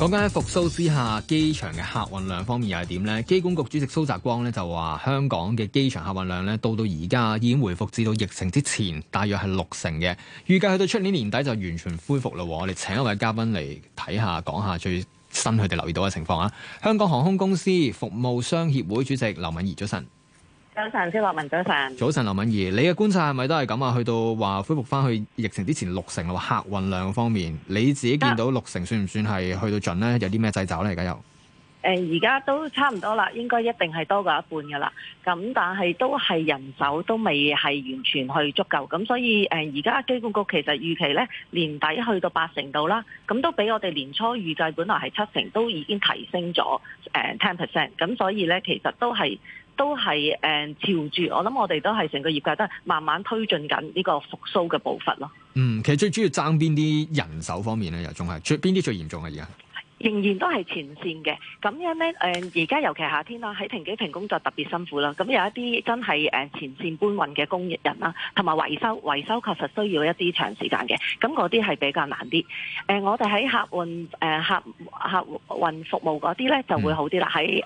講緊喺復甦之下，機場嘅客運量方面又係點呢？機管局主席蘇澤光呢就話，香港嘅機場客運量到到而家已經回復至到疫情之前，大約係六成嘅，預計去到出年年底就完全恢復咯。我哋請一位嘉賓嚟睇下講下最新佢哋留意到嘅情況啊！香港航空公司服務商協會主席劉敏儀早晨。早晨，薛文早晨。早晨，劉敏儀，你嘅觀察係咪都係咁啊？去到話恢復翻去疫情之前六成啊？話客運量方面，你自己見到六成算唔算係去到盡咧？有啲咩掣肘咧？而家又？誒，而家都差唔多啦，應該一定係多過一半噶啦。咁但係都係人手都未係完全去足夠。咁所以誒，而家機管局其實預期咧年底去到八成度啦。咁都比我哋年初預計本來係七成，都已經提升咗誒 ten percent。咁所以咧，其實都係。都係誒朝住，我諗我哋都係成個業界都係慢慢推進緊呢個復甦嘅步伐咯。嗯，其實最主要爭邊啲人手方面咧，又仲係最邊啲最嚴重啊而家？仍然都係前線嘅，咁樣呢，呃、而家尤其夏天啦，喺停機坪工作特別辛苦啦。咁有一啲真係前線搬運嘅工人啦，同埋維修維修確實需要一啲長時間嘅，咁嗰啲係比較難啲，呃。我哋喺客運、呃、客客運服務嗰啲呢就會好啲啦，喺、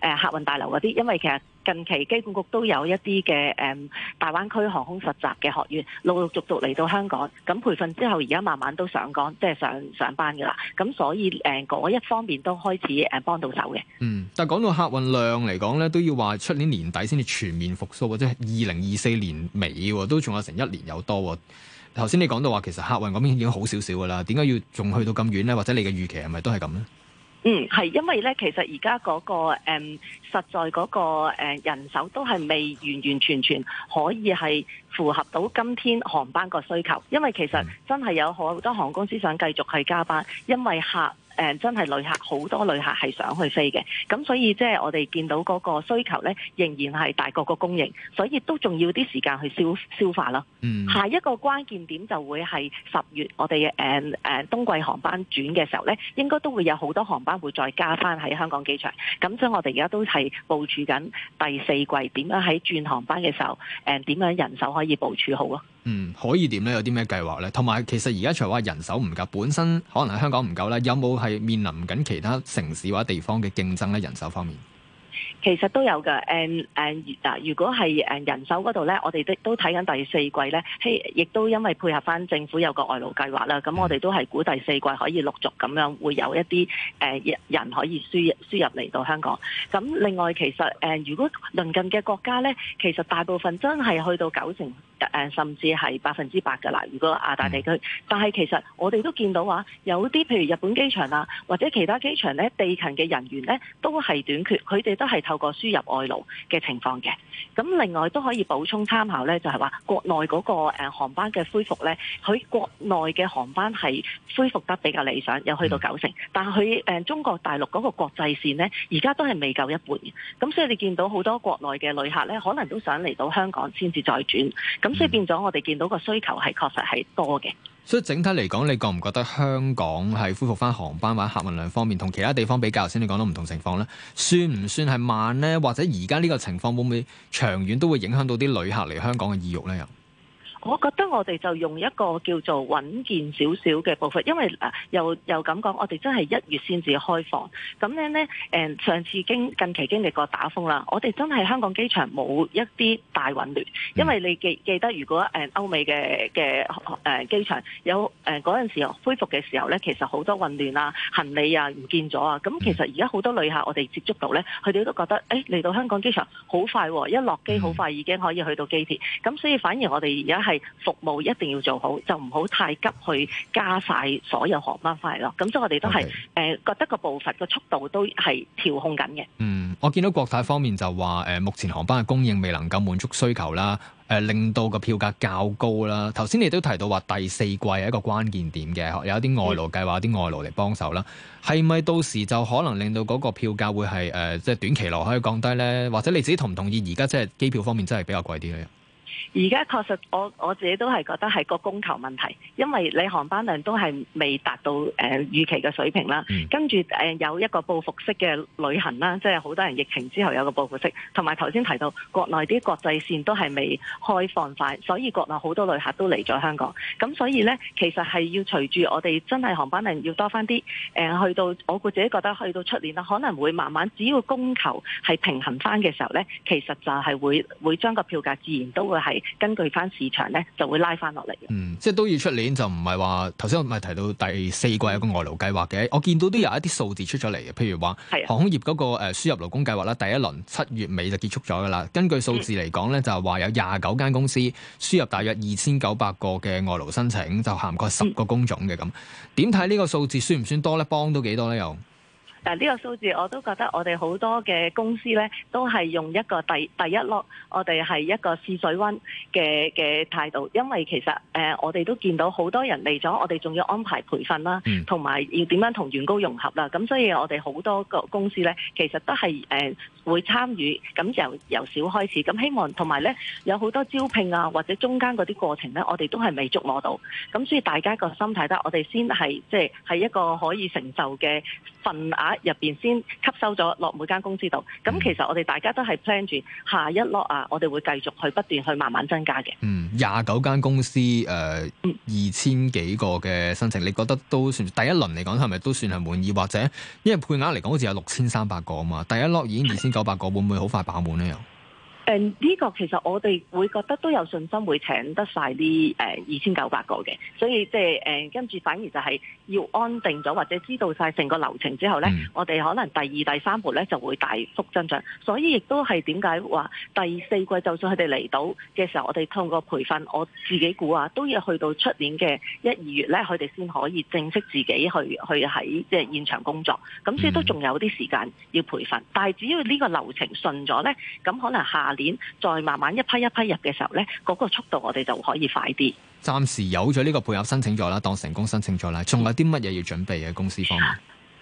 呃、客運大樓嗰啲，因為其實。近期機管局都有一啲嘅誒大灣區航空實習嘅學員，陸陸續續嚟到香港，咁培訓之後，而家慢慢都上崗，即係上上班㗎啦。咁所以誒，嗰一方面都開始誒幫到手嘅。嗯，但係講到客運量嚟講咧，都要話出年年底先至全面復甦，或者係二零二四年尾，都仲有成一年有多。頭先你講到話，其實客運嗰邊已經好少少㗎啦，點解要仲去到咁遠咧？或者你嘅預期係咪都係咁咧？嗯，係，因為咧，其實而家嗰個誒、嗯、實在嗰、那個誒、嗯、人手都係未完完全全可以係符合到今天航班個需求，因為其實真係有好多航空公司想繼續去加班，因為客。誒、嗯、真係旅客好多旅客係想去飛嘅，咁所以即係我哋見到嗰個需求呢，仍然係大過個供應，所以都仲要啲時間去消消化囉。嗯，下一個關鍵點就會係十月我哋誒、嗯嗯、冬季航班轉嘅時候呢，應該都會有好多航班會再加翻喺香港機場。咁所以我哋而家都係部署緊第四季點樣喺轉航班嘅時候，誒、嗯、點樣人手可以部署好咯。嗯，可以點咧？有啲咩計劃咧？同埋，其實而家除咗話人手唔夠，本身可能喺香港唔夠咧，有冇係面臨緊其他城市或者地方嘅競爭咧？人手方面，其實都有㗎。誒誒嗱，如果係誒人手嗰度咧，我哋都都睇緊第四季咧，亦都因為配合翻政府有個外勞計劃啦。咁我哋都係估第四季可以陸續咁樣會有一啲誒、嗯、人可以輸輸入嚟到香港。咁另外，其實誒、嗯、如果鄰近嘅國家咧，其實大部分真係去到九成。誒甚至係百分之百㗎啦，如果亞大地區。嗯、但係其實我哋都見到話，有啲譬如日本機場啦，或者其他機場咧，地勤嘅人員咧都係短缺，佢哋都係透過輸入外勞嘅情況嘅。咁另外都可以補充參考咧，就係話國內嗰個航班嘅恢復咧，佢國內嘅航班係恢復得比較理想，有去到九成。但係佢中國大陸嗰個國際線呢，而家都係未夠一半嘅。咁所以你見到好多國內嘅旅客咧，可能都想嚟到香港先至再轉咁。咁、嗯、所以變咗，我哋見到個需求係確實係多嘅、嗯。所以整體嚟講，你覺唔覺得香港係恢復返航班或者客運量方面，同其他地方比較先？你講到唔同情況咧，算唔算係慢咧？或者而家呢個情況會唔會長遠都會影響到啲旅客嚟香港嘅意欲咧？又？我覺得我哋就用一個叫做穩健少少嘅步伐，因為又又咁講，我哋真係一月先至開放。咁呢，上次經近期經歷過打風啦，我哋真係香港機場冇一啲大混亂，因為你記得如果誒歐美嘅嘅誒機場有嗰陣時候恢復嘅時候呢，其實好多混亂啊，行李啊唔見咗啊。咁其實而家好多旅客我哋接觸到呢，佢哋都覺得誒、哎、嚟到香港機場好快、哦，一落機好快已經可以去到機鐵。咁所以反而我哋而家係服務一定要做好，就唔好太急去加快所有航班快咯。咁所以我哋都係誒、okay. 呃，覺得個步伐個速度都係調控緊嘅。嗯，我見到國泰方面就話誒、呃，目前航班嘅供應未能夠滿足需求啦，誒、呃、令到個票價較高啦。頭先你都提到話第四季係一個關鍵點嘅，有一啲外勞計劃，啲外勞嚟幫手啦。係、嗯、咪到時就可能令到嗰個票價會係誒，即、呃、係、就是、短期內可以降低呢？或者你自己同唔同意？而家即係機票方面真係比較貴啲嘅。而家確實我，我我自己都係覺得係個供求問題，因為你航班量都係未達到預期嘅水平啦。跟住有一個報復式嘅旅行啦，即係好多人疫情之後有個報復式，同埋頭先提到國內啲國際線都係未開放晒，所以國內好多旅客都嚟咗香港。咁所以呢，其實係要隨住我哋真係航班量要多翻啲，呃，去到我自己覺得去到出年啦，可能會慢慢只要供求係平衡翻嘅時候呢，其實就係會會將個票價自然都會係根據翻市場咧，就會拉翻落嚟。嗯，即係都要出年就唔係話頭先，我咪提到第四季有個外勞計劃嘅。我見到都有一啲數字出咗嚟嘅，譬如話、啊、航空業嗰個誒輸入勞工計劃啦，第一輪七月尾就結束咗噶啦。根據數字嚟講咧，嗯、就係話有廿九間公司輸入大約二千九百個嘅外勞申請，就涵過十個工種嘅咁。點睇呢個數字算唔算多咧？幫到幾多咧又？誒、這、呢個數字我都覺得我哋好多嘅公司呢都係用一個第第一囉，我哋係一個試水溫嘅嘅態度，因為其實誒、呃、我哋都見到好多人嚟咗，我哋仲要安排培訓啦，同埋要點樣同員工融合啦，咁所以我哋好多個公司呢其實都係誒、呃、會參與，咁由由少開始，咁希望同埋呢有好多招聘啊或者中間嗰啲過程呢，我哋都係未捉摸到，咁所以大家個心態得，我哋先係即係係一個可以承受嘅份額。入邊先吸收咗落每間公司度，咁其實我哋大家都係 plan 住下一 lock 啊，我哋會繼續去不斷去慢慢增加嘅。嗯，廿九間公司誒，二千幾個嘅申請，你覺得都算第一輪嚟講係咪都算係滿意？或者因為配額嚟講好似有六千三百個啊嘛，第一 lock 已經二千九百個，會唔會好快爆滿咧？又？誒、嗯、呢、這個其實我哋會覺得都有信心會請得晒啲誒二千九百個嘅，所以即係跟住反而就係要安定咗或者知道晒成個流程之後咧、嗯，我哋可能第二第三步咧就會大幅增長。所以亦都係點解話第四季就算佢哋嚟到嘅時候，我哋通過培訓，我自己估啊都要去到出年嘅一二月咧，佢哋先可以正式自己去去喺即係現場工作。咁所以都仲有啲時間要培訓，但係只要呢個流程順咗咧，咁可能下下年再慢慢一批一批入嘅時候，呢嗰個速度我哋就可以快啲。暫時有咗呢個配合申請咗啦，當成功申請咗啦。仲有啲乜嘢要準備嘅公司方面？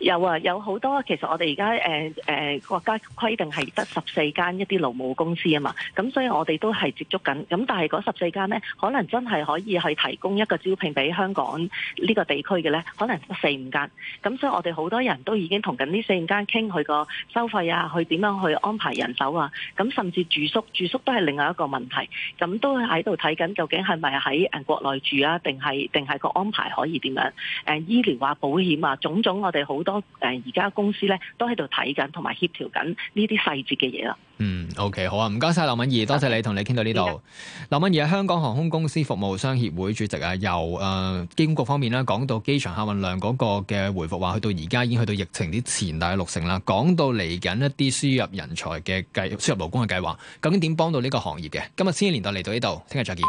有啊，有好多。其實我哋而家誒誒國家規定係得十四間一啲勞務公司啊嘛，咁所以我哋都係接觸緊。咁但係嗰十四間呢，可能真係可以去提供一個招聘俾香港呢個地區嘅呢，可能得四五間。咁所以我哋好多人都已經同緊呢四五間傾佢個收費啊，去點樣去安排人手啊，咁甚至住宿，住宿都係另外一個問題。咁都喺度睇緊究竟係咪喺國內住啊，定係定係個安排可以點樣？呃、醫療啊、保險啊，種種我哋好。多誒，而、呃、家公司咧都喺度睇緊，同埋協調緊呢啲細節嘅嘢啦。嗯，OK，好啊，唔該晒。劉敏儀，多謝你同你傾到呢度。劉敏儀，香港航空公司服務商協會主席啊，由誒、呃、機管局方面咧講到機場客運量嗰個嘅回復，話去到而家已經去到疫情之前大約六成啦。講到嚟緊一啲輸入人才嘅計輸入勞工嘅計劃，究竟點幫到呢個行業嘅？今日千禧年代嚟到呢度，聽日再見。